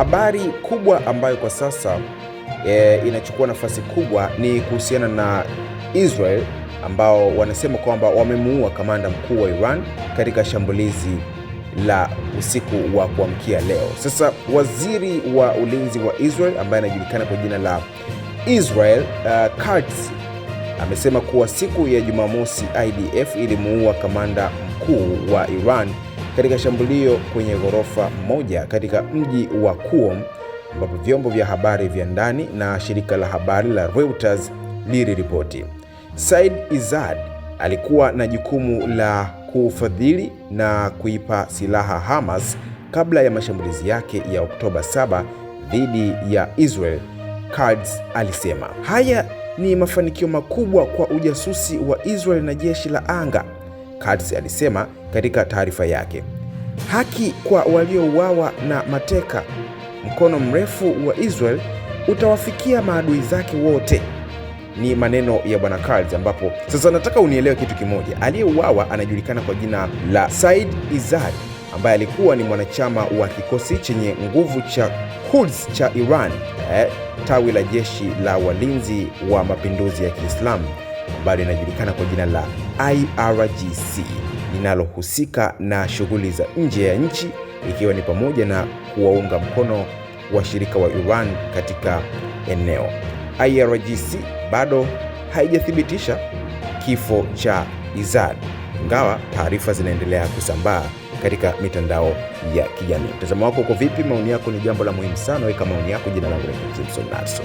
Habari kubwa ambayo kwa sasa e, inachukua nafasi kubwa ni kuhusiana na Israel ambao wanasema kwamba wamemuua kamanda mkuu wa Iran katika shambulizi la usiku wa kuamkia leo. Sasa waziri wa ulinzi wa Israel ambaye anajulikana kwa jina la Israel uh, Katz amesema kuwa siku ya Jumamosi IDF ilimuua kamanda mkuu wa Iran katika shambulio kwenye ghorofa moja katika mji wa Qom, ambapo vyombo vya habari vya ndani na shirika la habari la Reuters liliripoti. Said Izzad alikuwa na jukumu la kufadhili na kuipa silaha Hamas kabla ya mashambulizi yake ya Oktoba 7 dhidi ya Israel, Kurds alisema. Haya ni mafanikio makubwa kwa ujasusi wa Israel na jeshi la anga Katz alisema katika taarifa yake. Haki kwa waliouawa na mateka. Mkono mrefu wa Israel utawafikia maadui zake wote, ni maneno ya bwana Katz, ambapo sasa nataka unielewe kitu kimoja. Aliyeuawa anajulikana kwa jina la Said Izad ambaye alikuwa ni mwanachama wa kikosi chenye nguvu cha Quds cha Iran eh, tawi la jeshi la walinzi wa mapinduzi ya Kiislamu ambalo linajulikana kwa jina la IRGC linalohusika na shughuli za nje ya nchi ikiwa ni pamoja na kuwaunga mkono washirika wa Iran katika eneo. IRGC bado haijathibitisha kifo cha Izad, ingawa taarifa zinaendelea kusambaa katika mitandao ya kijamii. Mtazamo wako uko vipi? Maoni yako ni jambo la muhimu sana. Weka maoni yako. Jina langu ni Jimson Naso.